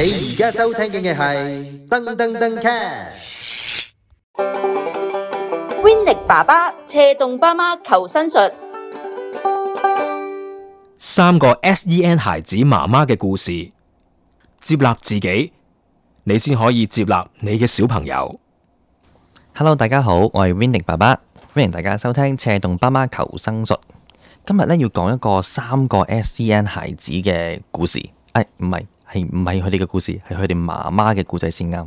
你而家收聽嘅係《噔噔噔 Cat》，Winny 爸爸斜動爸媽求生術，三個 SEN 孩子媽媽嘅故事，接納自己，你先可以接納你嘅小朋友。Hello，大家好，我係 Winny 爸爸，歡迎大家收聽斜動爸媽求生術。今日呢要講一個三個 SEN 孩子嘅故事。誒，唔係。係唔係佢哋嘅故事，係佢哋媽媽嘅故仔先啱。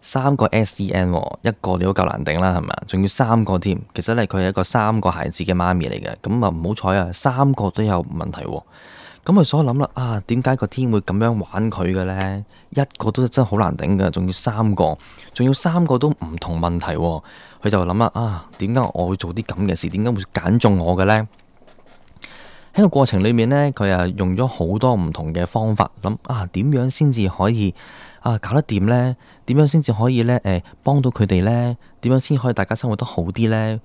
三個 SEN，一個你都夠難頂啦，係咪？仲要三個添，其實咧佢係一個三個孩子嘅媽咪嚟嘅，咁啊唔好彩啊，三個都有問題，啊。咁佢所以諗啦，啊點解個天會咁樣玩佢嘅呢？一個都真係好難頂嘅，仲要三個，仲要三個都唔同問題，啊。佢就諗啦，啊點解我會做啲咁嘅事？點解會揀中我嘅呢？喺個過程裏面呢，佢啊用咗好多唔同嘅方法，諗啊點樣先至可以啊搞得掂呢？點樣先至可以呢？誒、呃，幫到佢哋呢？點樣先可以大家生活得好啲呢？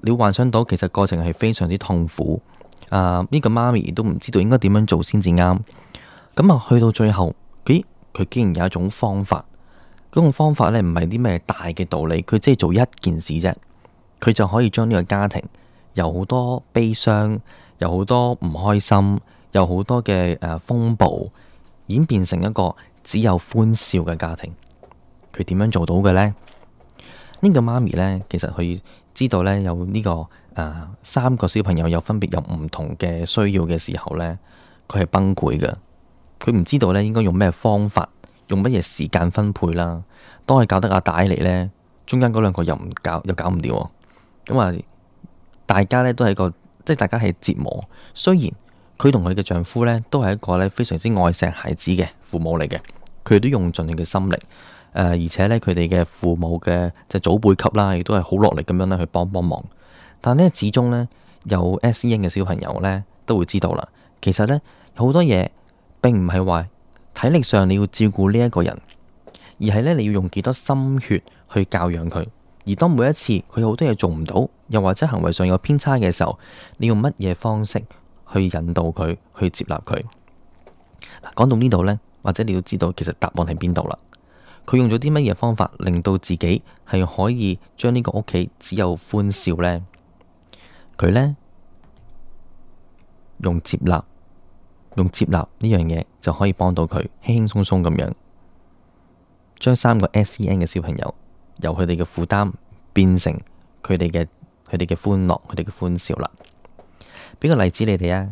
你幻想到其實過程係非常之痛苦啊！呢個媽咪都唔知道應該點樣做先至啱。咁啊，去到最後，咦？佢竟然有一種方法，嗰種方法呢，唔係啲咩大嘅道理，佢即係做一件事啫，佢就可以將呢個家庭由好多悲傷，有好多唔開心，有好多嘅，誒、啊、風暴，演變成一個只有歡笑嘅家庭。佢點樣做到嘅呢？呢、這個媽咪呢，其實佢知道呢，有呢、這個誒、啊、三個小朋友有分別有唔同嘅需要嘅時候呢，佢係崩潰嘅。佢唔知道呢應該用咩方法，用乜嘢時間分配啦。當佢搞得阿大嚟呢，中間嗰兩個又唔搞又搞唔掂，啊。咁、嗯、啊，大家呢，都係個。即係大家係折磨，雖然佢同佢嘅丈夫咧都係一個咧非常之愛錫孩子嘅父母嚟嘅，佢都用盡佢嘅心力，誒、呃，而且咧佢哋嘅父母嘅即係祖輩級啦，亦都係好落力咁樣咧去幫幫忙，但係咧始終咧有 SEN 嘅小朋友咧都會知道啦，其實咧好多嘢並唔係話體力上你要照顧呢一個人，而係咧你要用幾多心血去教養佢。而當每一次佢好多嘢做唔到，又或者行為上有偏差嘅時候，你用乜嘢方式去引導佢，去接納佢？嗱，講到呢度呢，或者你要知道，其實答案喺邊度啦？佢用咗啲乜嘢方法，令到自己係可以將呢個屋企只有歡笑呢？佢呢，用接納，用接納呢樣嘢就可以幫到佢，輕輕鬆鬆咁樣將三個 SEN 嘅小朋友。由佢哋嘅負擔變成佢哋嘅佢哋嘅歡樂，佢哋嘅歡笑啦。俾個例子你哋啊。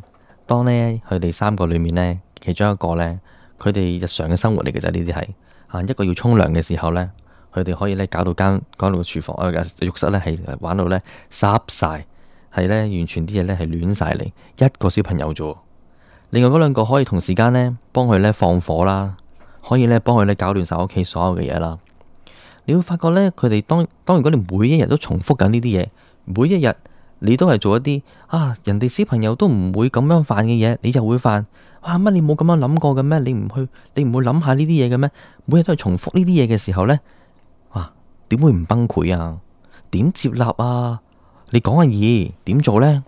當呢，佢哋三個裏面呢，其中一個呢，佢哋日常嘅生活嚟嘅就呢啲係啊。一個要沖涼嘅時候呢，佢哋可以呢搞到間嗰度嘅廚房、呃、浴室呢係玩到呢，濕晒，係呢完全啲嘢呢係亂晒嚟。一個小朋友啫，另外嗰兩個可以同時間呢幫佢呢，幫佢呢放火啦，可以呢幫佢呢搞亂晒屋企所有嘅嘢啦。你會發覺呢，佢哋當當，當如果你每一日都重複緊呢啲嘢，每一日你都係做一啲啊，人哋小朋友都唔會咁樣犯嘅嘢，你就會犯哇乜、啊？你冇咁樣諗過嘅咩？你唔去，你唔會諗下呢啲嘢嘅咩？每日都係重複呢啲嘢嘅時候呢？哇、啊，點會唔崩潰啊？點接納啊？你講嘅嘢點做呢？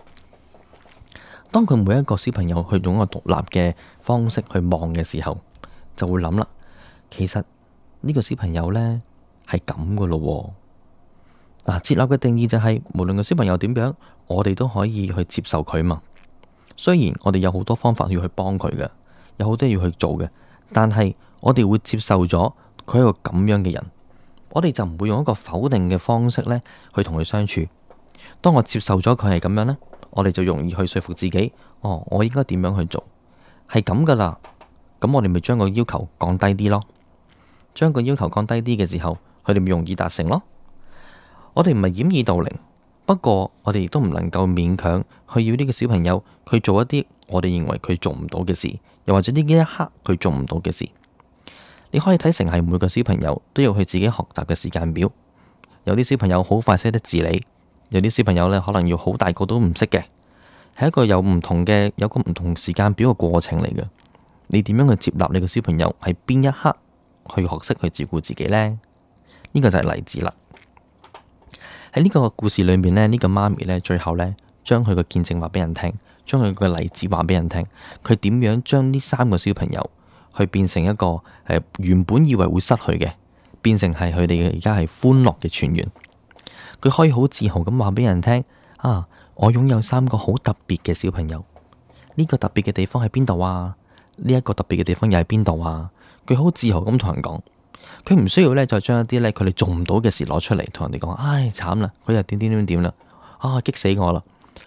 當佢每一個小朋友去用一個獨立嘅方式去望嘅時候，就會諗啦。其實呢個小朋友呢。係咁嘅咯。嗱，接納嘅定義就係無論個小朋友點樣，我哋都可以去接受佢嘛。雖然我哋有好多方法要去幫佢嘅，有好多要去做嘅，但係我哋會接受咗佢係一個咁樣嘅人，我哋就唔會用一個否定嘅方式呢去同佢相處。當我接受咗佢係咁樣呢，我哋就容易去說服自己，哦，我應該點樣去做。係咁噶啦，咁我哋咪將個要求降低啲咯。將個要求降低啲嘅時候。佢哋唔容易達成咯。我哋唔係掩耳盜鈴，不過我哋亦都唔能夠勉強去要呢個小朋友去做一啲我哋認為佢做唔到嘅事，又或者呢一刻佢做唔到嘅事，你可以睇成係每個小朋友都有佢自己學習嘅時間表。有啲小朋友好快識得自理，有啲小朋友咧可能要好大個都唔識嘅，係一個有唔同嘅有個唔同時間表嘅過程嚟嘅。你點樣去接納你個小朋友喺邊一刻去學識去照顧自己呢？呢個就係例子啦。喺呢個故事裏面咧，呢個媽咪咧，最後咧，將佢個見證話俾人聽，將佢個例子話俾人聽，佢點樣將呢三個小朋友去變成一個誒，原本以為會失去嘅，變成係佢哋而家係歡樂嘅泉源。佢可以好自豪咁話俾人聽啊！我擁有三個好特別嘅小朋友。呢個特別嘅地方喺邊度啊？呢一個特別嘅地方又喺邊度啊？佢好自豪咁同人講。佢唔需要咧，再將一啲咧，佢哋做唔到嘅事攞出嚟同人哋講，唉，慘啦，佢又點點點點啦，啊，激死我啦！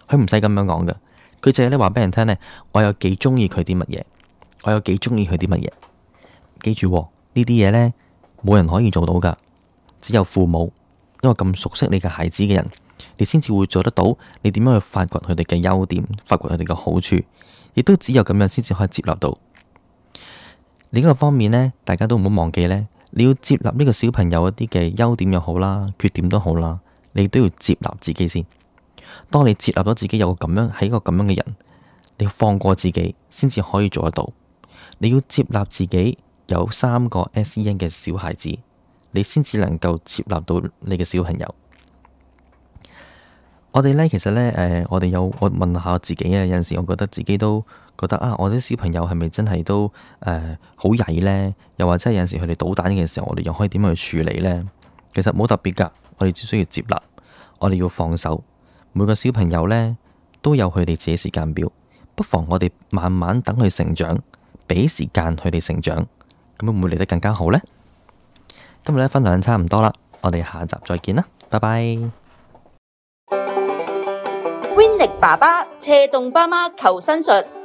佢唔使咁樣講嘅，佢淨係咧話俾人聽咧，我有幾中意佢啲乜嘢，我有幾中意佢啲乜嘢。記住、哦、呢啲嘢咧，冇人可以做到噶，只有父母，因為咁熟悉你嘅孩子嘅人，你先至會做得到。你點樣去發掘佢哋嘅優點，發掘佢哋嘅好處，亦都只有咁樣先至可以接納到。另一個方面咧，大家都唔好忘記咧。你要接納呢個小朋友一啲嘅優點又好啦，缺點都好啦，你都要接納自己先。當你接納咗自己有個咁樣係一個咁樣嘅人，你放過自己先至可以做得到。你要接納自己有三個 SEN 嘅小孩子，你先至能夠接納到你嘅小朋友。我哋呢，其實呢，誒，我哋有我問下自己啊，有陣時我覺得自己都。覺得啊，我啲小朋友係咪真係都誒好曳呢？又或者有陣時佢哋搗蛋嘅時候，我哋又可以點樣去處理呢？其實冇特別噶，我哋只需要接納，我哋要放手。每個小朋友呢都有佢哋自己時間表，不妨我哋慢慢等佢成長，俾時間佢哋成長，咁會唔會嚟得更加好呢？今日咧分享差唔多啦，我哋下集再見啦，拜拜。Win 爸爸斜槓爸媽求生術。